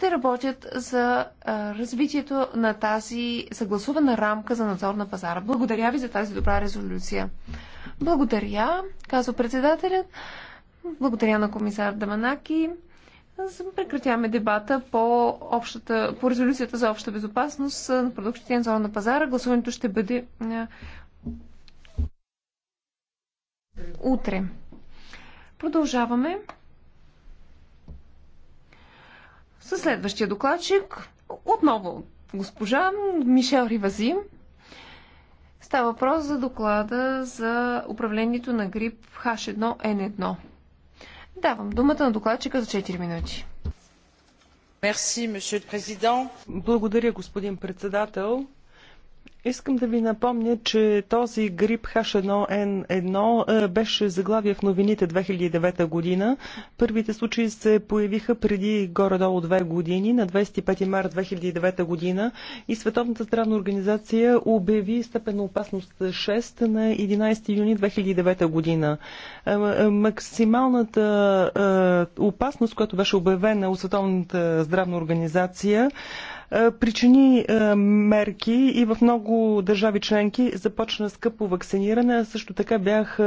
ще работят за развитието на тази съгласувана рамка за надзор на пазара. Благодаря ви за тази добра резолюция. Благодаря, казва председателят. Благодаря на комисар Даманаки. Прекратяваме дебата по, общата, по резолюцията за обща безопасност на продуктите на зона на пазара. Гласуването ще бъде утре. Продължаваме. Със следващия докладчик, отново госпожа Мишел Ривази, става въпрос за доклада за управлението на грип H1N1. Давам думата на докладчика за 4 минути. Благодаря, господин председател. Искам да ви напомня, че този грип H1N1 е, беше заглавие в новините 2009 година. Първите случаи се появиха преди горе-долу две години, на 25 марта 2009 година и Световната здравна организация обяви степен опасност 6 на 11 юни 2009 година. Е, е, максималната опасност, която беше обявена от Световната здравна организация, е, причини е, мерки и в много държави членки започна скъпо вакциниране. Също така бяха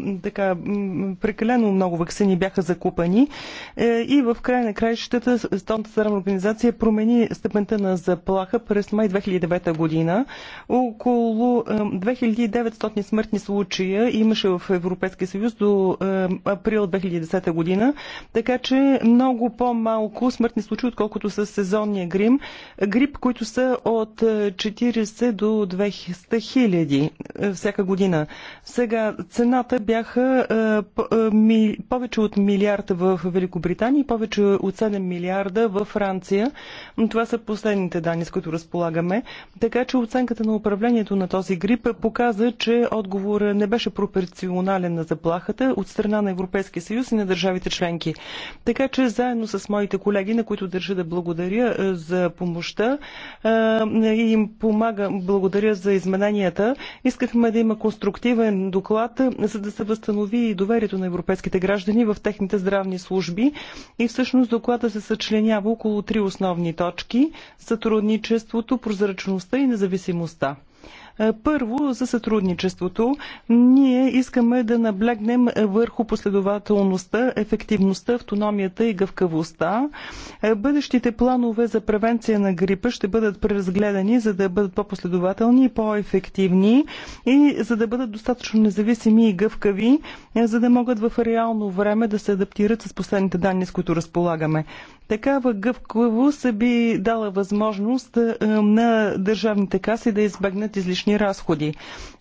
е, така, прекалено много вакцини бяха закупани и в край на краищата Стонта Сърна организация промени степента на заплаха през май 2009 година. Около 2900 смъртни случая имаше в Европейския съюз до април 2010 година, така че много по-малко смъртни случаи, отколкото с сезонния грим грип, които са от 40 е, до 200 хиляди е, всяка година. Сега цената бяха е, повече от милиарда в Великобритания и повече от 7 милиарда в Франция. Това са последните данни, с които разполагаме. Така че оценката на управлението на този грип показа, че отговор не беше пропорционален на заплахата от страна на Европейския съюз и на държавите членки. Така че заедно с моите колеги, на които държа да благодаря за помощта, помощта и им помага. Благодаря за измененията. Искахме да има конструктивен доклад, за да се възстанови и доверието на европейските граждани в техните здравни служби. И всъщност доклада се съчленява около три основни точки – сътрудничеството, прозрачността и независимостта. Е, първо, за сътрудничеството. Ние искаме да наблегнем върху последователността, ефективността, автономията и гъвкавостта. Е, бъдещите планове за превенция на грипа ще бъдат преразгледани, за да бъдат по-последователни и по-ефективни и за да бъдат достатъчно независими и гъвкави, е, за да могат в реално време да се адаптират с последните данни, с които разполагаме. Такава гъвкавост би дала възможност на държавните каси да избегнат излишни разходи.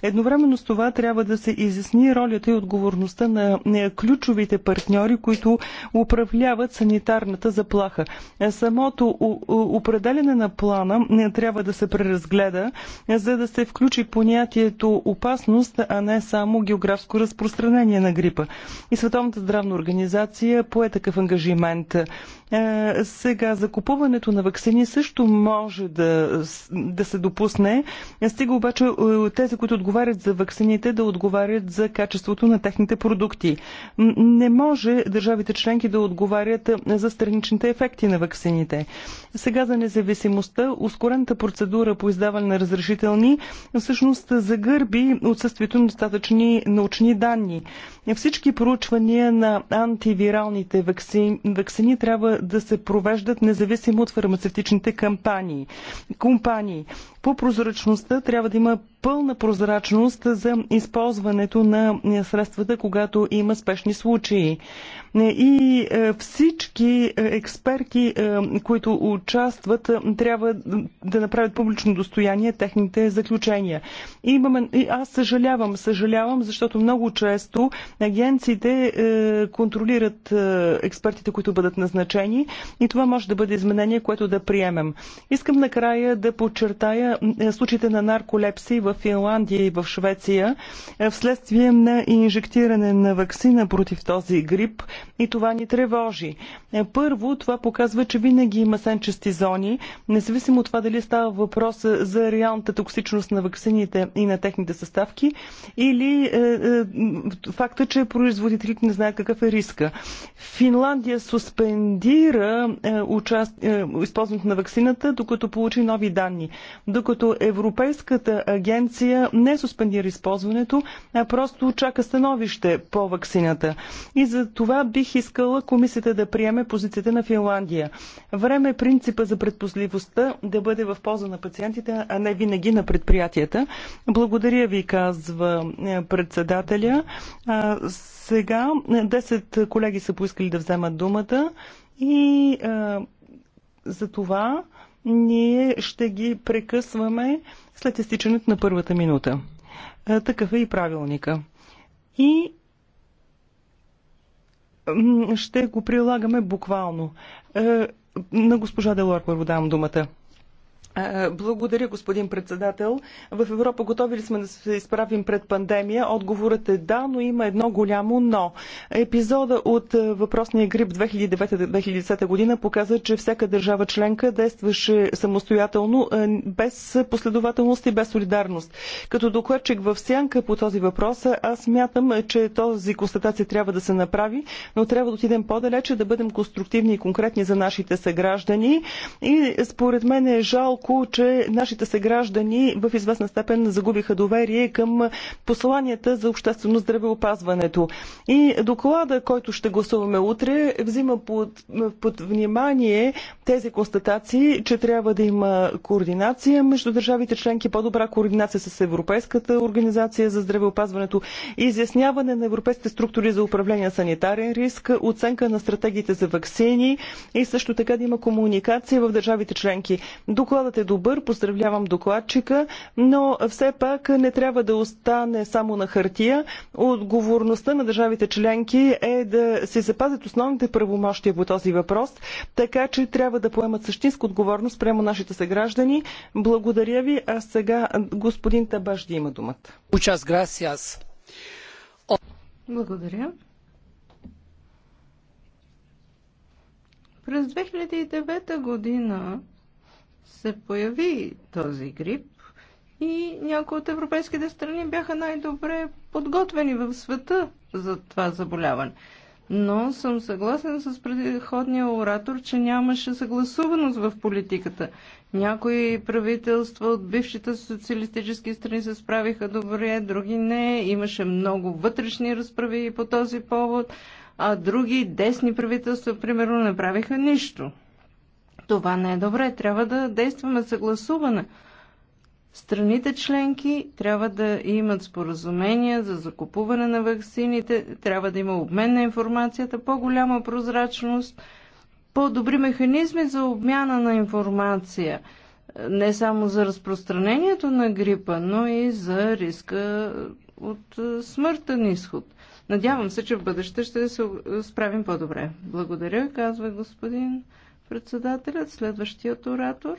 Едновременно с това трябва да се изясни ролята и отговорността на ключовите партньори, които управляват санитарната заплаха. Самото определене на плана трябва да се преразгледа, за да се включи понятието опасност, а не само географско разпространение на грипа. И Световната здравна организация пое такъв ангажимент. Е, сега закупуването на вакцини също може да, да се допусне, стига обаче е, тези, които отговарят за вакцините, да отговарят за качеството на техните продукти. Не може държавите членки да отговарят е, за страничните ефекти на вакцините. Сега за независимостта, ускорената процедура по издаване на разрешителни всъщност загърби отсъствието на достатъчни научни данни. Всички проучвания на антивиралните вакцини, вакцини трябва да се се провеждат независимо от фармацевтичните кампании. компании. По прозрачността трябва да има пълна прозрачност за използването на е, средствата, когато има спешни случаи. Е, и е, всички експерти, които участват, трябва да направят публично достояние техните заключения. И имаме, и аз съжалявам, съжалявам, защото много често агенциите контролират експертите, които бъдат назначени, и това може да бъде изменение, което да приемем. Искам накрая да подчертая е, случаите на нарколепсии в Финландия и в Швеция е, вследствие на инжектиране на вакцина против този грип и това ни тревожи. Е, първо, това показва, че винаги има сенчести зони, независимо от това дали става въпрос за реалната токсичност на вакцините и на техните съставки или факта, че производителите не знаят какъв е риска. Финландия суспендира спира е, участ... Е, използването на вакцината, докато получи нови данни. Докато Европейската агенция не суспендира използването, а просто чака становище по вакцината. И за това бих искала комисията да приеме позицията на Финландия. Време е принципа за предпозливостта да бъде в полза на пациентите, а не винаги на предприятията. Благодаря ви, казва е, председателя. Сега 10 колеги са поискали да вземат думата. И а, за това ние ще ги прекъсваме след изтичането на първата минута. А, такъв е и правилника. И ще го прилагаме буквално. А, на госпожа Делор първо давам думата. Е, благодаря, господин председател. В Европа готови ли сме да се изправим пред пандемия? Отговорът е да, но има едно голямо но. Епизода от е, въпросния грип 2009-2010 година показа, че всяка държава членка действаше самостоятелно, е, без последователност и без солидарност. Като докладчик в сянка по този въпрос, аз мятам, че този констатация трябва да се направи, но трябва да отидем по-далече, да бъдем конструктивни и конкретни за нашите съграждани. И според мен е жалко, жалко, че нашите съграждани в известна степен загубиха доверие към посланията за обществено здравеопазването. И доклада, който ще гласуваме утре, взима под, под внимание тези констатации, че трябва да има координация между държавите членки, по-добра координация с Европейската организация за здравеопазването, изясняване на европейските структури за управление на санитарен риск, оценка на стратегиите за вакцини и също така да има комуникация в държавите членки. Докладът е е добър, поздравлявам докладчика, но все пак не трябва да остане само на хартия. Отговорността на държавите членки е да се запазят основните правомощия по този въпрос, така че трябва да поемат същинска отговорност прямо нашите съграждани. Благодаря ви, а сега господин Табаш да има думата. Учас грасиас. Благодаря. През 2009 година се появи този грип и някои от европейските страни бяха най-добре подготвени в света за това заболяване. Но съм съгласен с предходния оратор, че нямаше съгласуваност в политиката. Някои правителства от бившите социалистически страни се справиха добре, други не. Имаше много вътрешни разправи по този повод, а други десни правителства, примерно, не правиха нищо. Това не е добре. Трябва да действаме съгласуване. Страните членки трябва да имат споразумения за закупуване на вакцините. трябва да има обмен на информацията, по-голяма прозрачност, по-добри механизми за обмяна на информация, не само за разпространението на грипа, но и за риска от смъртен изход. Надявам се, че в бъдеще ще се справим по-добре. Благодаря, казва господин. Председателят, следващият оратор.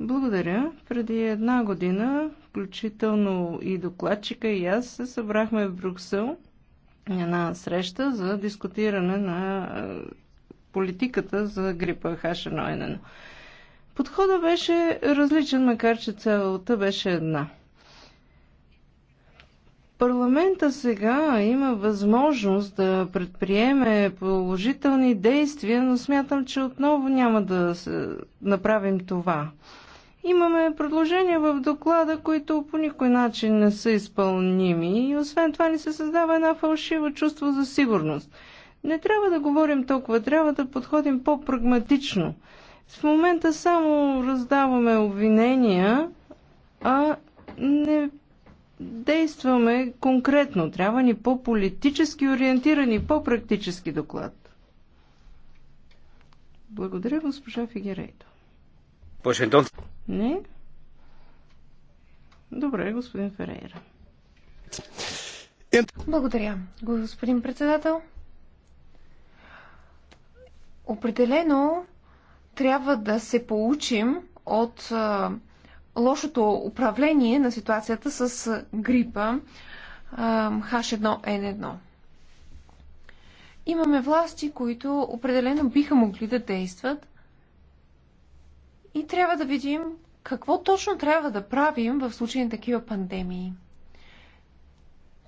Благодаря. Преди една година, включително и докладчика и аз, се събрахме в Брюксел една среща за дискутиране на е, политиката за грипа H1N1. Подходът беше различен, макар че целта беше една – Парламента сега има възможност да предприеме положителни действия, но смятам, че отново няма да направим това. Имаме предложения в доклада, които по никой начин не са изпълними и освен това ни се създава една фалшива чувство за сигурност. Не трябва да говорим толкова, трябва да подходим по-прагматично. В момента само раздаваме обвинения, а не действаме конкретно. Трябва ни по-политически ориентирани, по-практически доклад. Благодаря, госпожа Фигерейто. Вашингтон. Не? Добре, господин Ферейра. Благодаря, господин председател. Определено трябва да се получим от лошото управление на ситуацията с грипа H1N1. Имаме власти, които определено биха могли да действат и трябва да видим какво точно трябва да правим в случай на такива пандемии.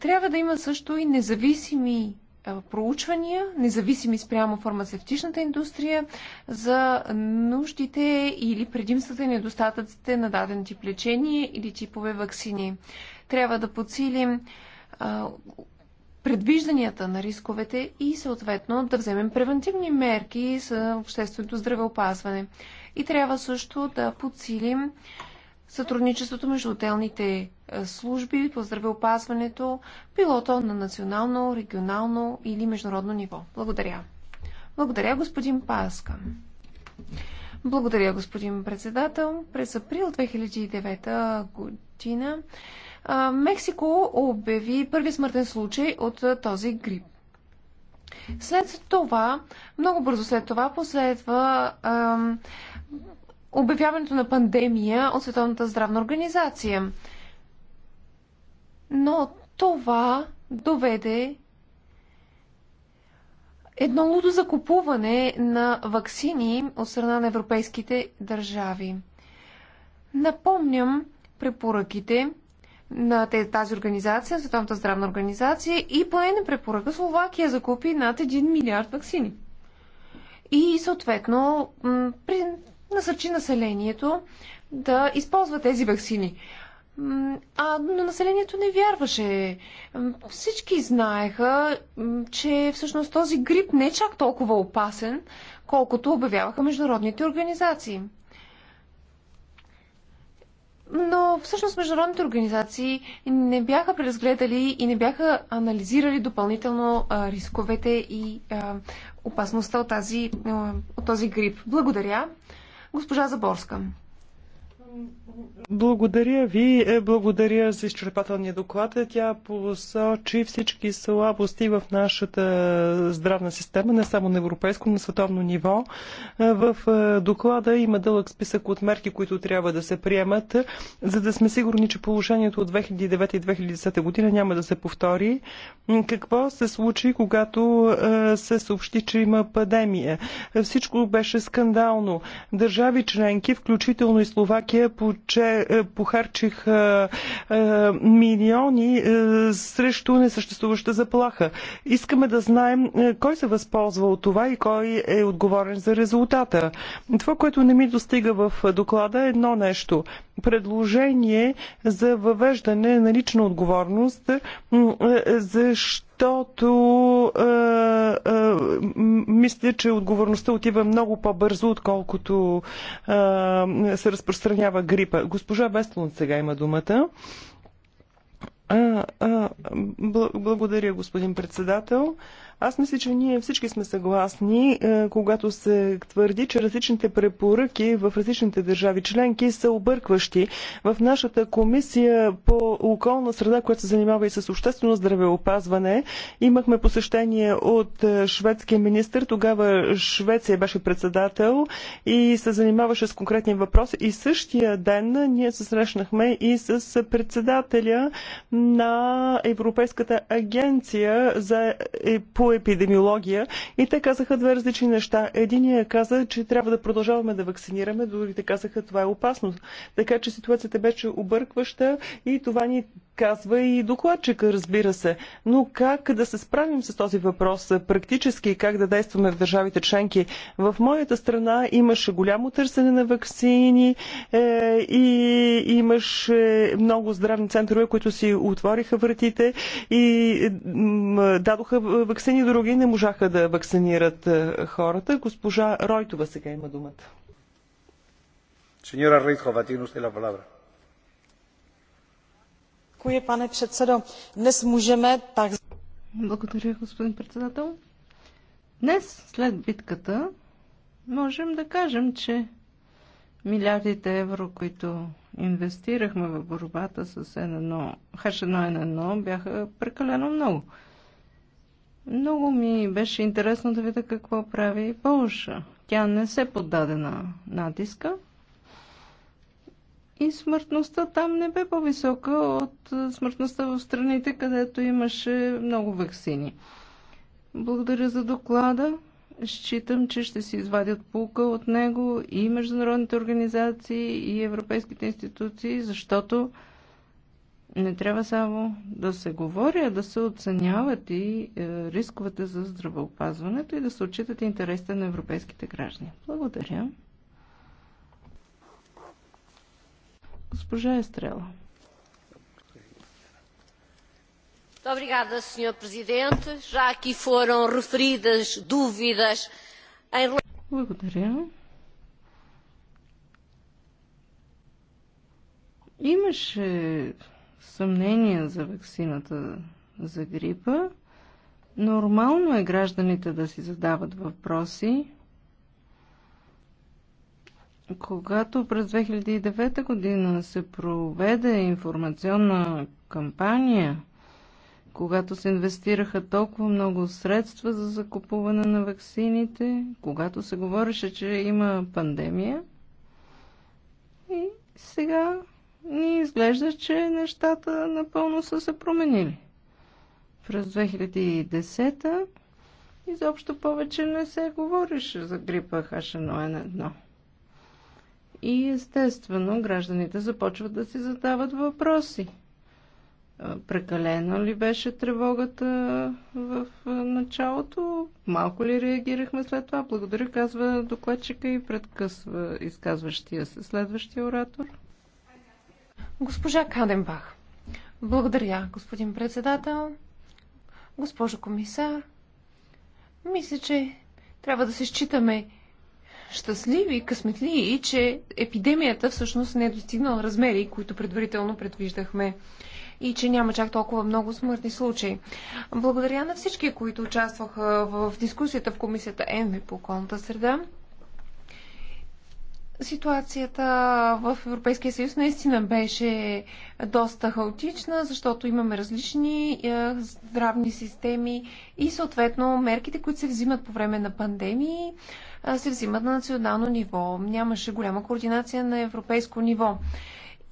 Трябва да има също и независими е, проучвания, независими спрямо фармацевтичната индустрия, за нуждите или предимствата и недостатъците на даден тип лечение или типове вакцини. Трябва да подсилим е, предвижданията на рисковете и съответно да вземем превентивни мерки за общественото здравеопазване. И трябва също да подсилим сътрудничеството между отделните е, служби по здравеопазването, било то на национално, регионално или международно ниво. Благодаря. Благодаря, господин Паска. Благодаря, господин председател. През април 2009 година Мексико обяви първи смъртен случай от този грип. След това, много бързо след това, последва обявяването на пандемия от Световната здравна организация. Но това доведе едно лудо закупуване на ваксини от страна на европейските държави. Напомням препоръките на тази организация, Световната здравна организация и по нейна препоръка Словакия закупи над 1 милиард ваксини. И съответно насърчи населението да използва тези вакцини. А, но населението не вярваше. Всички знаеха, че всъщност този грип не е чак толкова опасен, колкото обявяваха международните организации. Но всъщност международните организации не бяха преразгледали и не бяха анализирали допълнително а, рисковете и а, опасността от, тази, а, от този грип. Благодаря. Госпожа Заборска. Благодаря ви. Е, благодаря за изчерпателния доклад. Тя посочи всички слабости в нашата здравна система, не само на европейско, на световно ниво. Е, в е, доклада има дълъг списък от мерки, които трябва да се приемат, за да сме сигурни, че положението от 2009 и 2010 година няма да се повтори. Какво се случи, когато се съобщи, че има падемия? Всичко беше скандално. Държави членки, включително и Словакия, е, похарчих е, е, милиони срещу несъществуваща заплаха. Искаме да знаем кой се възползва от това и кой е отговорен за резултата. Това, което не ми достига в доклада е едно нещо. Предложение за въвеждане на лична отговорност. Защо защото а, е, а, е, мисля, че отговорността отива много по-бързо, отколкото а, е, се разпространява грипа. Госпожа Вестланд сега има думата. А, а, благодаря, господин председател. Аз мисля, че ние всички сме съгласни, е, когато се твърди, че различните препоръки в различните държави членки са объркващи. В нашата комисия по околна среда, която се занимава и с обществено здравеопазване, имахме посещение от е, шведския министр. Тогава Швеция беше председател и се занимаваше с конкретни въпроси. И същия ден ние се срещнахме и с председателя на Европейската агенция за по епидемиология и те казаха две различни неща. Единия каза, че трябва да продължаваме да вакцинираме, другите казаха това е опасно. Така че ситуацията беше объркваща и това ни казва и докладчика, разбира се. Но как да се справим с този въпрос практически и как да действаме в държавите членки? В моята страна имаше голямо търсене на вакцини е, и имаше много здравни центрове, които си отвориха вратите и дадоха вакцини, други не можаха да вакцинират е, хората. Госпожа Ройтова сега има думата. Сеньора Reitjova, ти usted la palabra pane předsedo. Dnes můžeme tak... Благодаря, господин председател. Днес, след битката, можем да кажем, че милиардите евро, които инвестирахме в борбата с H1N1, бяха прекалено много. Много ми беше интересно да видя какво прави Полша. Тя не се поддаде на натиска и смъртността там не бе по-висока от смъртността в страните, където имаше много вакцини. Благодаря за доклада. Считам, че ще се извадят полка от него и международните организации, и европейските институции, защото не трябва само да се говори, а да се оценяват и е, рисковете за здравеопазването и да се отчитат интересите на европейските граждани. Благодаря. Госпожа Естрела. Obrigada, Sr. Presidente. Já aqui foram referidas dúvidas em Благодаря. Имаше съмнения за вакцината за грипа. Нормално е гражданите да си задават въпроси. Когато през 2009 година се проведе информационна кампания, когато се инвестираха толкова много средства за закупуване на ваксините, когато се говореше, че има пандемия, и сега ни изглежда, че нещата напълно са се променили. През 2010 изобщо повече не се говореше за грипа H1N1. И естествено гражданите започват да си задават въпроси. Прекалена ли беше тревогата в началото? Малко ли реагирахме след това? Благодаря, казва докладчика и предкъсва изказващия се следващия оратор. Госпожа Каденбах. Благодаря, господин председател. Госпожо комисар, мисля, че трябва да се считаме щастливи, късметли и че епидемията всъщност не е достигнала размери, които предварително предвиждахме и че няма чак толкова много смъртни случаи. Благодаря на всички, които участваха в дискусията в комисията ЕНВИ по околната среда. Ситуацията в Европейския съюз наистина беше доста хаотична, защото имаме различни е, здравни системи и съответно мерките, които се взимат по време на пандемии, се взимат на национално ниво. Нямаше голяма координация на европейско ниво.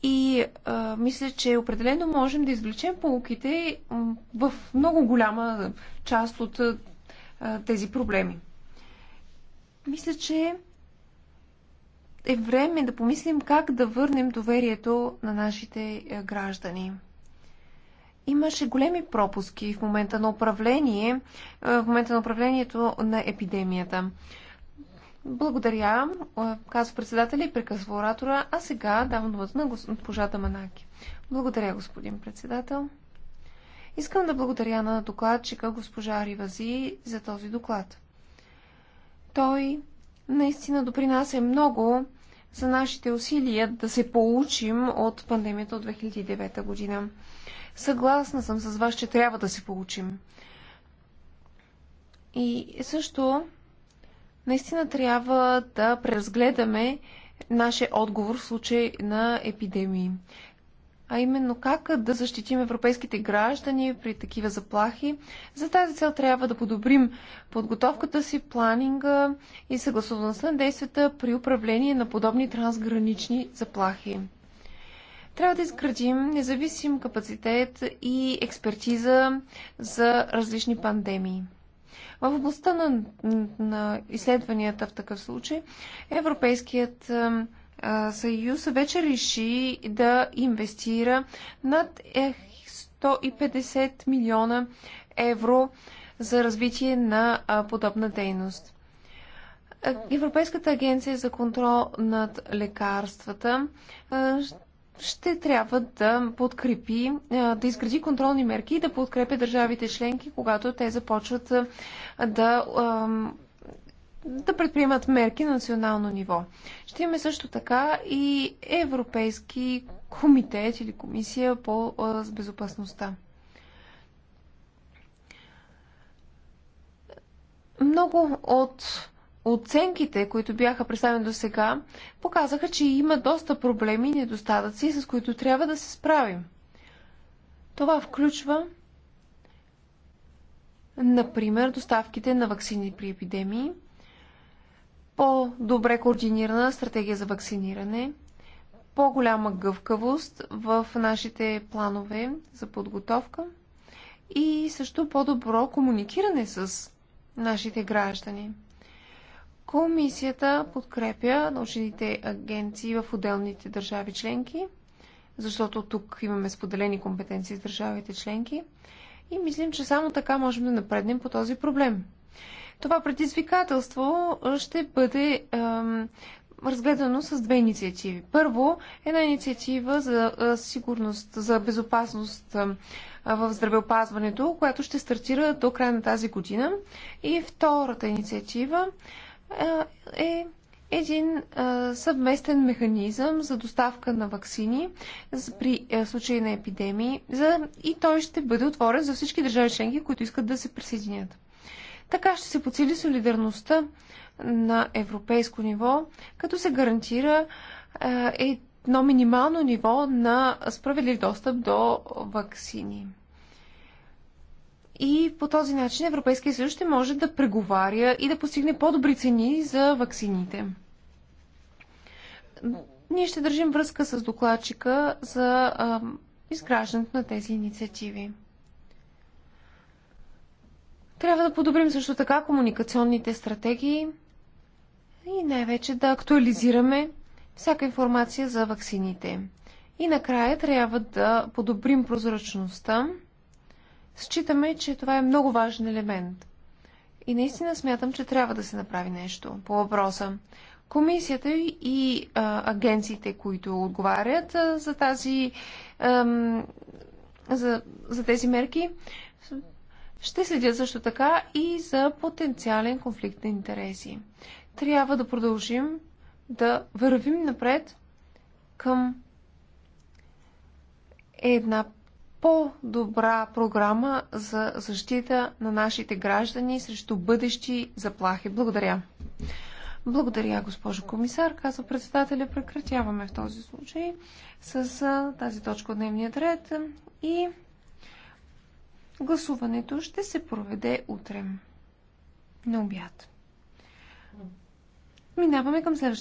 И а, мисля, че определено можем да извлечем полуките в много голяма част от а, тези проблеми. Мисля, че е време да помислим как да върнем доверието на нашите граждани. Имаше големи пропуски в момента на управление, в момента на управлението на епидемията. Благодаря, казва председателя и прекъсва оратора. А сега давам думата на госпожа Манаки. Благодаря, господин председател. Искам да благодаря на докладчика госпожа Ривази за този доклад. Той наистина допринася много за нашите усилия да се получим от пандемията от 2009 година. Съгласна съм с вас, че трябва да се получим. И също наистина трябва да преразгледаме нашия отговор в случай на епидемии. А именно как да защитим европейските граждани при такива заплахи. За тази цел трябва да подобрим подготовката си, планинга и съгласуваността на действията при управление на подобни трансгранични заплахи. Трябва да изградим независим капацитет и експертиза за различни пандемии. В областта на, на изследванията в такъв случай Европейският съюз вече реши да инвестира над 150 е, милиона евро за развитие на подобна дейност. Европейската агенция за контрол над лекарствата ще трябва да подкрепи, е, да изгради контролни мерки и да подкрепи държавите членки, когато те започват е, да, да предприемат мерки на национално ниво. Ще имаме също така и Европейски комитет или комисия по е, безопасността. Много от оценките, които бяха представени до сега, показаха, че има доста проблеми и недостатъци, с които трябва да се справим. Това включва, например, доставките на вакцини при епидемии, по-добре координирана стратегия за вакциниране, по-голяма гъвкавост в нашите планове за подготовка и също по-добро комуникиране с нашите граждани. Комисията подкрепя научните агенции в отделните държави членки, защото тук имаме споделени компетенции с държавите членки и мислим, че само така можем да напреднем по този проблем. Това предизвикателство ще бъде ем, разгледано с две инициативи. Първо, една инициатива за сигурност, за безопасност в здравеопазването, която ще стартира до края на тази година. И втората инициатива е един съвместен механизъм за доставка на вакцини при случай на епидемии и той ще бъде отворен за всички държави членки, които искат да се присъединят. Така ще се подсили солидарността на европейско ниво, като се гарантира едно минимално ниво на справедлив достъп до вакцини. И по този начин Европейския съюз ще може да преговаря и да постигне по-добри цени за ваксините. Ние ще държим връзка с докладчика за а, изграждането на тези инициативи. Трябва да подобрим също така комуникационните стратегии и най-вече да актуализираме всяка информация за ваксините. И накрая трябва да подобрим прозрачността Считаме, че това е много важен елемент. И наистина смятам, че трябва да се направи нещо по въпроса. Комисията и а, агенциите, които отговарят а, за, тази, а, за, за тези мерки, ще следят също така и за потенциален конфликт на интереси. Трябва да продължим да вървим напред към една по-добра програма за защита на нашите граждани срещу бъдещи заплахи. Благодаря. Благодаря, госпожо комисар. Казва председателя, прекратяваме в този случай с тази точка от дневния ред и гласуването ще се проведе утре на обяд. Минаваме към следващата.